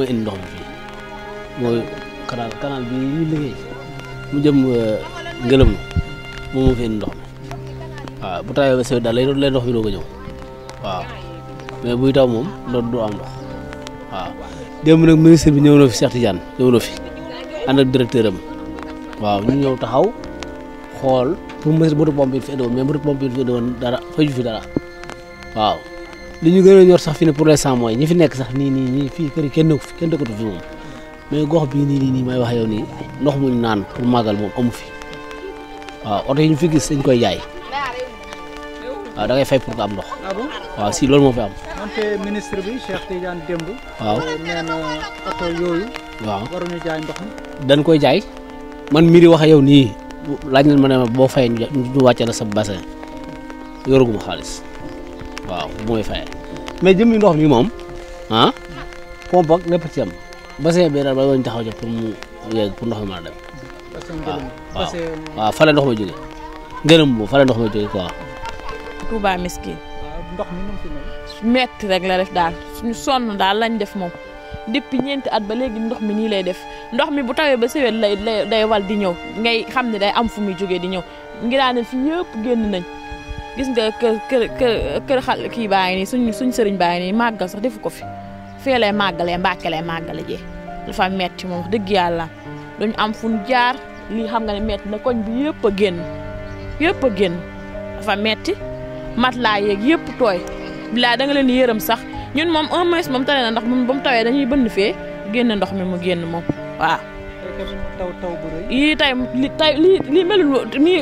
mooy indi ndox mi fii mooy canal canal bi ñu liggéey mu jëm euh, ngëlëm moom moo fi indi ndox mi waaw bu tawee ba sewet daal lay ndox mi doo ko ñëw waaw mais buy taw moom loolu du am ndox waaw démb nag ministre bi ñëw na fi Cheikh Tidiane ñëw fi ànd ak am waaw ñu ñëw taxaw xool pour mu mos a pompe yi fi indi mais moto pompe yi fi indi woon dara faju fi dara waaw li ñu gën a ñor sax fi ne pour l'instant mooy ñi fi nekk sax nii nii ñii fii kër yi kenn dëkku fi kenn dëkkatu fi moom mais gox bii nii nii nii may waxee yow nii ndox mu ñu naan pour màggal moom amu fi waaw ñu fi gis dañ koy jaay waaw da pour nga ndox. Ah waaw si loolu moo fi ministre bi Cheikh Tidiane démb. waaw nee na oto yooyu. waaw dañ koy jaay man mii di wax yow nii laaj nañ ma ne boo fay ñu wàcce la sa bassin yoruguma xaalis. waaw mooy fayee mais jëmmi ndox mi moom ah pompe ak lépp ci am bassin bi daal ba doon taxaw jox pour mu yegg pour ndox mi mën a dem. waaw waaw fa ndox ma jógee ngërëm boobu fa la ndox ma rek la def daal suñu sonn daal lañ def moom depuis ñeenti at ba léegi ndox mi nii lay def ndox mi bu tawee ba sewet lay day wal di ñëw ngay xam ne day am fu muy jógee di ñëw ngiraane fi yëpp génn nañ. gis nga kër kër kër xal kii baa ngi nii suñ suñu sëriñ baa ngi nii màggal sax defu ko fi fee lay màggalee mbàkke lay màggale jee dafa metti moom dëgg yàlla duñu am fu jaar lii xam nga ne metti na koñ bi yëpp a génn yëpp a génn dafa metti mat laa yeeg yëpp tooy bilaa da nga leen yërëm sax ñun moom un mois moom tane na ndox mun ba mu tawee dañuy bënn fee génn ndox mi mu génn moom waaw taw yii tey li tey lii lii melul nii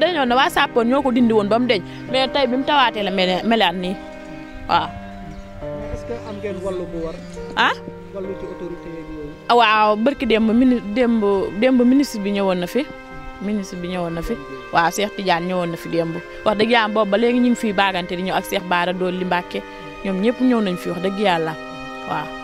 dañoo ne waa Sappoon ñoo ko dindi woon ba mu deñ mais tey bi mu tawaatee la mel melaat nii waaw. est-ce que am ngeen wallu bu ah? ministre bi ñëwoon na fi ministre bi ñëwoon na fi waaw Cheikh tijaan ñëwoon na fi démb wax dëgg yàlla boobu ba léegi ñu ngi fiy baagante di ñëw ak Cheikh Baara Dool li Mbàkke ñoom ñëpp ñëw nañ fi wax dëgg yàlla waaw.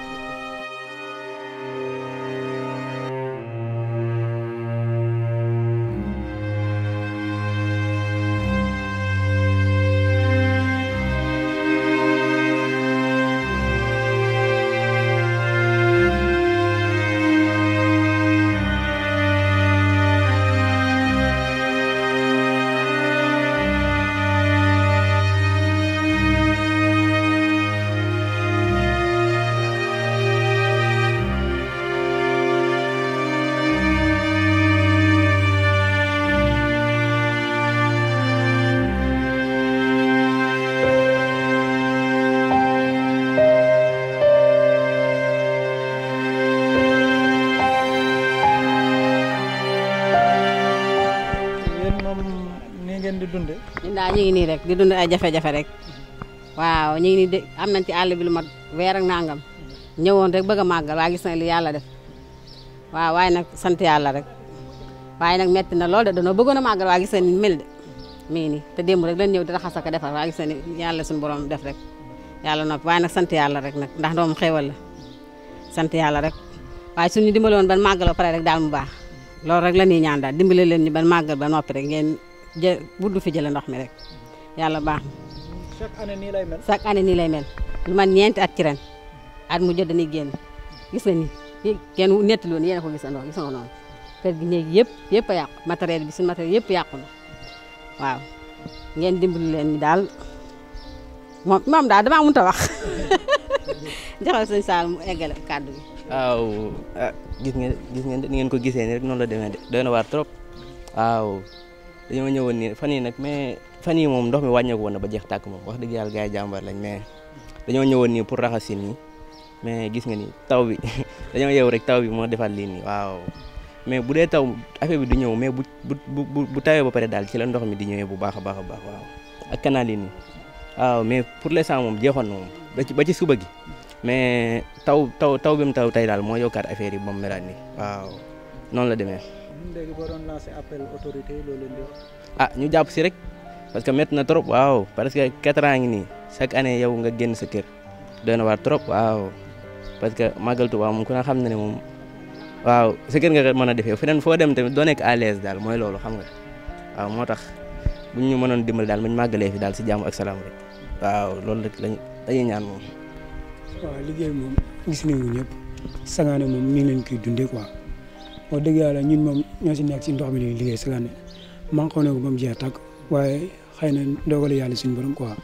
dundee. ñun daal ñu ngi nii rek di dund ay jafe-jafe rek waaw ñu nii de am nañ ci àll bi lu mat weer ak nangam ñëwoon rek bëgg a màggal waaye gis nañ li yàlla def waaw waaye nag sant yàlla rek waaye nag metti na lool de danoo a màggal waaye gis nañ ni mel de mi nii te démb rek lañ ñëw di raxas ak defar waaye gis nañ ni yàlla suñu borom def rek yàlla noppi waaye nag sant yàlla rek nag ndax doomu xewal la sant yàlla rek waaye suñu dimbaloon ban màggal ba pare rek daal mu baax loolu rek la ñaan daal dimbale leen ñu ban màggal ba noppi rek jë du fi jëlee ndox mi rek yàlla baax mi chaque année nii lay mel. chaque année nii lay man ñeenti at ci ren at mu jot dañuy génn gis nga ni kenn wu netti loon yéen a ko gisandoo gis nga noonu néeg yëpp yëpp a matériel bi suñu matériel yëpp yàqu na waaw leen ni daal moom moom daal damaa mënut a wax joxal sëñ Saal mu eggale kàddu gi. waaw ah ngeen gis ngeen ni ngeen ko gisee nii rek noonu la demee de doy na waar trop waaw. dañoo ñëwoon nii fan yi nag mais fan yii moom ndox mi wàññeeku woon na ba jeex tàkk moom wax dëgg yàlla gars yi jàmbar lañ mais dañoo ñëwoon nii pour raxas si nii mais gis nga ni taw bi dañoo yeewu rek taw bi moo defal lii nii mais bu dee taw affaire bi du ñëw mais bu bu bu tawee ba pare daal ci la ndox mi di ñëwee bu baax a baax a baax waaw ak canal yi mais pour l'instant moom jeexoon na moom ba ci ba ci suba gi mais taw taw taw bi mu taw tey daal moo yokkaat affaire yi ba mu melaat waaw noonu la demee. léegi boo doon lancer appel autorité loolu leen ah ñu jàpp si rek parce que métti na trop waaw parce que quatre ans ngi nii chaque année yow nga génn sa kër doy na waar trop waaw parce que màggal Tuubaa moom ku ne xam na ne moom waaw sa kër nga mën a defee feneen foo dem tamit doo nekk à daal mooy loolu xam nga waaw moo tax bu ñu mënoon dimbal daal bu ñu màggalee fi daal si jàmm ak salaam rek loolu rek lañu dañuy liggéey moom gis nañu ñëpp sangaane moom ñu ngi leen koy dundee quoi. wax dëgg yàlla ñun moom ñoo si nekk si ndox mi di liggéey chaque année manqué na ko ba mu tak waaye xëy na dogalu yàlla si borom quoi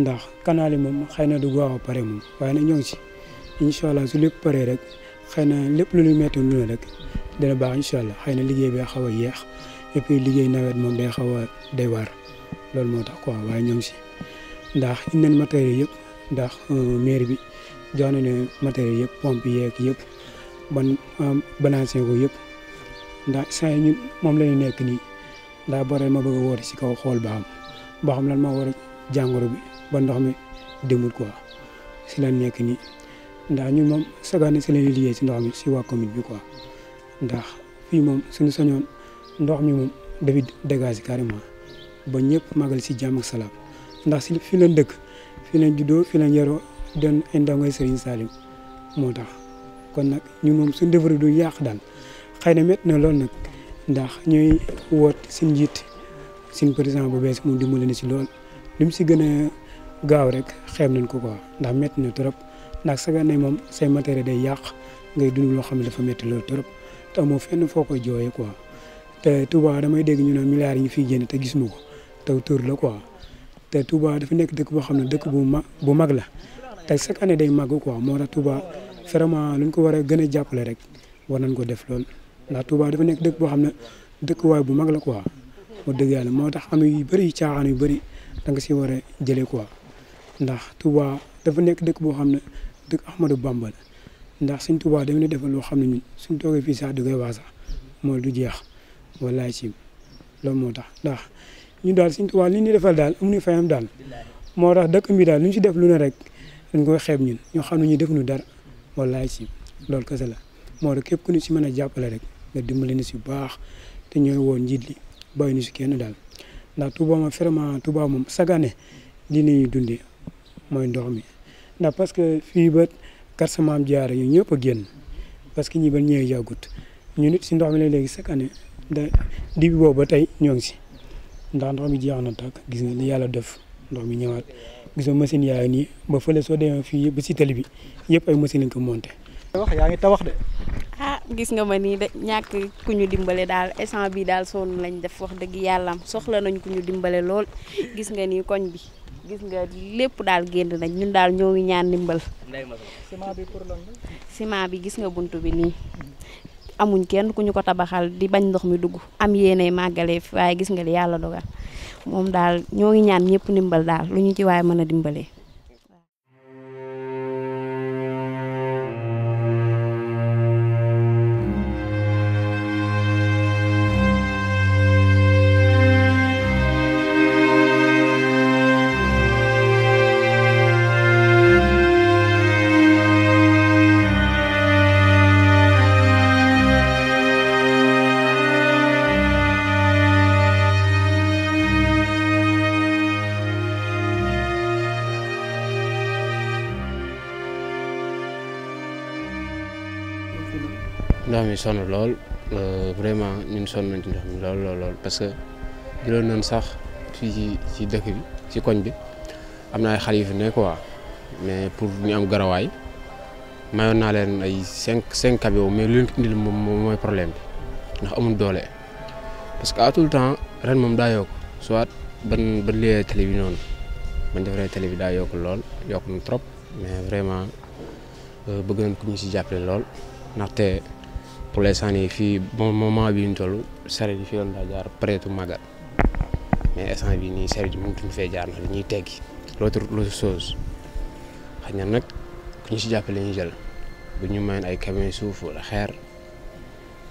ndax canal yi moom xëy na du gaaw a pare moom waaye nag ñoo si incha allah su lépp paree rek xëy na lépp lu ñu met lu ne rek dana baax incha allah xëy na liggéey bi xaw a yeex et puis liggéey nawet moom day xaw a day waar loolu moo tax quoi waaye ñoo ngi si ndax indi nañ matériel yëpp ndax euh, mairie bi jox nañu matériel yëpp pompe yeeg yëpp. ban balancé ko yëpp ndax saa yi moom la ñu nekk nii daa bare ma bëgg a si kaw xool ba xam ba xam lan moo war jàngoro bi ba ndox mi demul ko si la nekk nii ndax ñun moom sagane si la ñuy liggéey si ndox mi si waa commune bi quoi ndax fii moom suñu sañoon ndox mi moom dafi dégagé carrément ba ñëpp magal si jàmm ak ndax si fi la dëkk fi leen juddoo fi leen yaroo doon ay ndongoy Serigne Salim moo tax kon nag ñu moom suñ defaru du yàq daal xëy na métti na lool nag ndax ñuy woot suñ njiit suñ président bu bees mu dimbali na si lool li mu si gën a gaaw rek xeeb nañ ko quoi ndax métti na trop ndax sa gànnaaw moom say matériel day yàq ngay dund loo xam ne dafa métti trop te amoo fenn foo koy jooyee quoi te Touba damay dégg ñu noon milliards ñu fiy génn te gis ma ko taw tur la quoi te Touba dafa nekk dëkk boo xam ne dëkk bu mag bu mag la te chaque année day màgg quoi moo tax Touba. vraiment luñ ko war a gën a rek war nañ ko def lool ndax Touba dafa nekk dëkk boo xam ne dëkkuwaay bu mag la quoi wax dëgg yàlla moo tax am yu bëri caaxaan yu bëri da nga si war a jëlee quoi ndax Touba dafa nekk dëkk boo xam ne dëkk Ahmadou Bamba la ndax suñ Touba dafa ne defal loo xam ne ñun suñ toogee fii sax di koy wax sax mooy du jeex wallaay ci loolu moo tax ndax ñu daal suñ Touba li ñu defal daal amuñu fayam daal moo tax dëkk bi daal nu ñu si def lu ne rek dañ koy xeeb ñun ñoo xam ne ñu defuñu dara wallaay si loolu kese la moo tax képp ku ñu si mën a jàppale rek nga dimbali ni si baax te ñooy woon njiit li bàyyi ñu si kenn daal ndax Touba moom vraiment Touba moom chaque année li ñuy dundee mooy ndox mi ndax parce que fii ba Kër Maam Jaara ñu ñëpp a génn parce que ñi ba ñëwee yàggut ñu nit si ndox mi la léegi chaque année da ba tey ñoo ngi si ndax mi jeex na tàkk gis nga ni yàlla def ndox mi ñëwaat gis nga machine yaa ngi nii ba fële soo demee fii ba si tali bi yëpp ay machine lañ ko monté. wax yaa ngi tabax ah gis nga ma nii de ñàkk ku ñu dimbale daal essence bii daal sonn lañ def wax dëgg yàllam soxla nañu ku ñu dimbale lool gis nga nii koñ bi gis nga lépp daal génn nañ ñun daal ñëw ngi ñaan dimbal. ciment bi pour lan la. bi gis nga bunt bi nii. amuñ kenn ku ñu ko tabaxal di bañ ndox mi dugg. am yéenay màggale waaye gis nga li yàlla dogal. moom daal ñoo ngi ñaan ñëpp ndimbal daal lu ñu ci waaye mën a dimbalee ndox mi sonn lool euh, vraiment ñun sonn nañ ci ndox mi lool lool lool parce que jëloon nañ sax fii ci ci dëkk bi ci koñ bi am naa ay xale yu fi nekk quoi mais pour ñu am garawaay mayoon naa leen ay cinq cinq cabio mais lu leen indil moom mooy problème bi ndax amul doole parce que à tout le temps ren moom daa yokk soit ban ban liee télé bi noonu bañ defaree télé bi daa yokk lool yokk na trop mais vraiment euh, bëgg nañ ko ñu si jàppale lool ndaxte pour l'instant yi fii bon moment bii ñu toll saret yi fi doon daa jaar prêtu magal mais instant bi nii saret mu mënatuñ fee jaar na dañuy teggi l'autre l'autre chose nag ku ñu si jàppale ñu jël bu ñu mayoon ay camion suuf wala xeer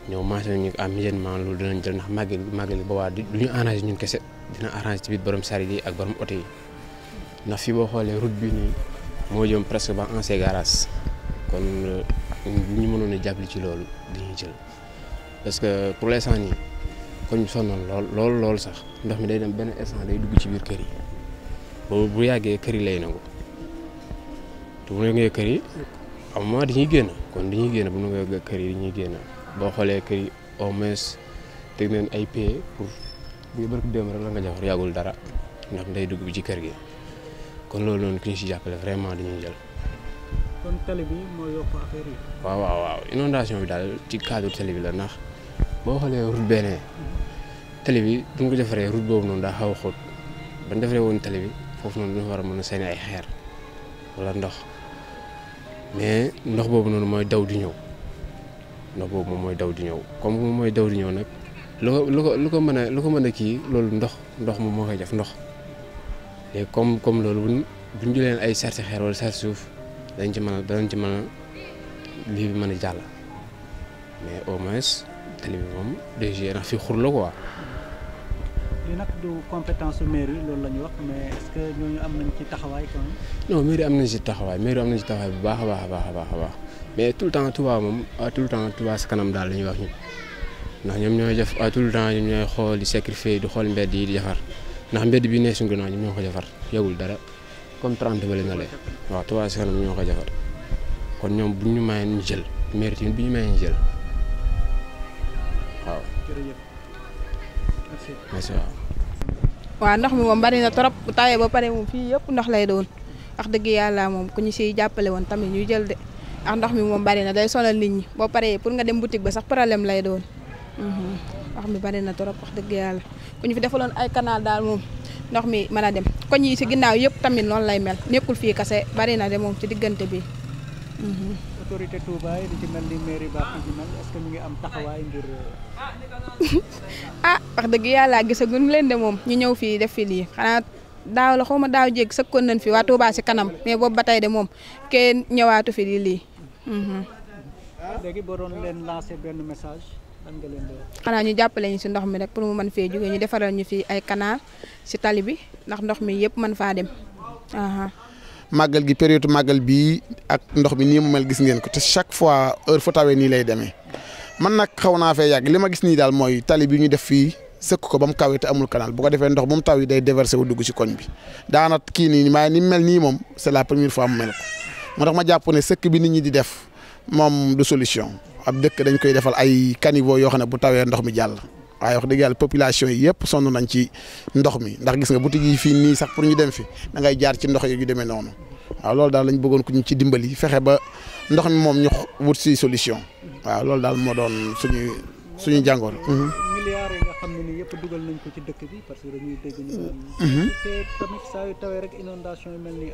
ñoom maase ñu am migenement loolu dinañ jël ndax màggal màggal yi boobaa du ñu arrangé ñun kese dina arange ci biir borom saret yi ak borom oto yi ndax fi boo xoolee route bi nii moo jëm presque ba ancien garage kon bu ñu mënoon a jàppale ci loolu dañuy jël parce que pour l'instant nii koñ sonal lool lool lool sax ndox mi day dem benn instant day dugg ci biir kër yi boobu bu yàggee kër yi lay nangu te bu nangee kër yi am moment ñuy génn kon dañuy génn bu nangee kër yi dañuy génn boo xoolee kër yi au moins teg nañ ay paie pour bu barki démb rek la nga jafar yàggul dara ndox mi day dugg bi ci kër gi kon loolu noonu ki ñu si jàppale vraiment ñuy jël. kon tali bi waaw waaw waaw inondation bi daal ci cadre tali bi la ndax boo xoolee route benee tali bi bu ñu ko defaree route boobu noonu daa xaw a xóot ba ñu defaree woon tali bi foofu noonu dañu war a mën a seen ay xeer wala ndox mais ndox boobu noonu mooy daw di ñëw ndox boobu moom mooy daw di ñëw comme moom mooy daw di ñëw nag lu ko lu ko mën a lu ko mën a kii loolu ndox ndox moom moo koy def ndox léegi comme comme loolu bu ñu jëlee ay sarti xeer wala sarti suuf. dañ ci mën a dañ ci mën a lii bi mën a jàll mais au moins tali bi moom DG la quoi. lii nag du compétence su mairie am ci taxawaay quand même. non mairie am nañ ci taxawaay mairie am nañ ci bu baax a baax a baax a baax a baax mais tout le temps Touba moom ah, tout le temps Touba kanam daal la ñuy wax ñun ndax ñoom ñooy def ah, tout le temps ñooy xool di sacrifier di xool mbedd yi di defar ndax mbedd bi nee suñu gannaaw ñoom ñoo ko defar yowul dara. comme 30 ba lañ la lay waaw Touba Ca Kanam ñoo ko defar kon ñoom bu ñu mayee ñu jël mairie tamit bu ñu mayee ñu jël waaw. merci ndox mi moom bari na trop bu tawee ba pare moom fii yëpp ndox lay doon wax dëgg yàlla moom ku ñu siy jàppale woon tamit ñuy jël de ndax ndox mi moom bari na day sonal nit ñi boo paree pour nga dem boutique ba sax problème lay doon. Mhm. ndox mi bari na trop wax dëgg yàlla ku ñu fi defaloon ay canal daal moom. ndox mi mën a dem koñ yi si ginnaaw yëpp tamit noonu lay mel nekkul fii kase bari na de moom ci diggante bi. Mhm. autorité Touba yi di am taxawaay ngir. ah wax dëgg yàlla gisaguñ leen de moom ñu ñëw fii def fi lii xanaa daaw la xaw ma daaw jeg sëkkoon nañ fi waa Touba si kanam mais boobu ba tey de moom kenn ñëwaatu fi di lii. Mhm. Ah, léegi boo doon leen lancer benn message. xanaa ñu jàppale ñu si ndox mi rek pour mu mën fee jógee ñu defaral ñu fi ay canal si tali bi ndax ndox mi yëpp man faa dem. màggal gi période màggal bii ak ndox mi nii mu mel gis ngeen ko te fois heure fu tawee nii lay demee man nag xaw naa fee yàgg li ma gis nii daal mooy tali bi ñu def fii sëkk ko ba mu kawee te amul canal bu ko defee ndox bu taw yi day déverser wu dugg ci koñ bi daana kii nii waaye ni mel nii moom c'est la première fois mu mel ko moo tax ma jàpp ne sëkk bi nit ñi di def moom du solution. ab dëkk dañ koy defal ay caniveau yoo xam ne bu tawee ndox mi jàll waaye wax dëgg yàlla population yi yëpp sonn nañ ci ndox mi ndax gis nga boutique yi fii nii sax pour ñu dem fi da ngay jaar ci ndox yi ñu demee noonu waaw loolu daal lañ bëggoon ku ñu ci dimbali fexe ba ndox mi moom ñu wut si solution waaw loolu daal moo doon suñu suñu jàngoon. milliards xam ne nii yëpp dugal nañ ko ci dëkk bi parce que dañuy ñu naan. te rek inondation yu mel ni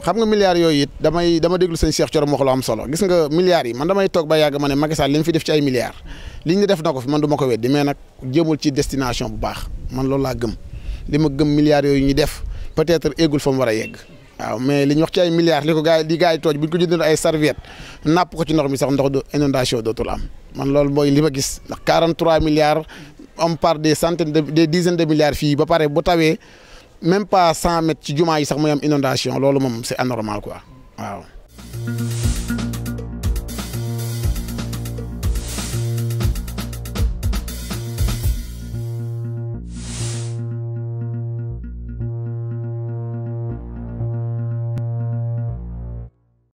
xam nga milliards yooyu it damay dama déglu sëñ Cheikh Thioro wax lu am solo gis nga milliards yi man damay toog ba yàgg ma ne Macky Sall li mu fi def ci ay milliards liñ ne def na ko fi man du ma ko weddi mais nag jëmul ci destination bu baax man loolu laa gëm li ma gëm milliards yooyu ñu def peut-être eggul fa mu war a yegg. waaw mais li ñu wax ci ay milliards li ko gars yi di ko jëndoon ay serviette napp ko ci ndox mi sax ndox do inondation dootul am man loolu mooy li ma gis ndax 43 milliards am par des centaines de des dizaines de milliards fii ba pare bu tawee même pas 100 mètres ci jumaa yi sax muy am inondation loolu moom c'est anormal ko waaw.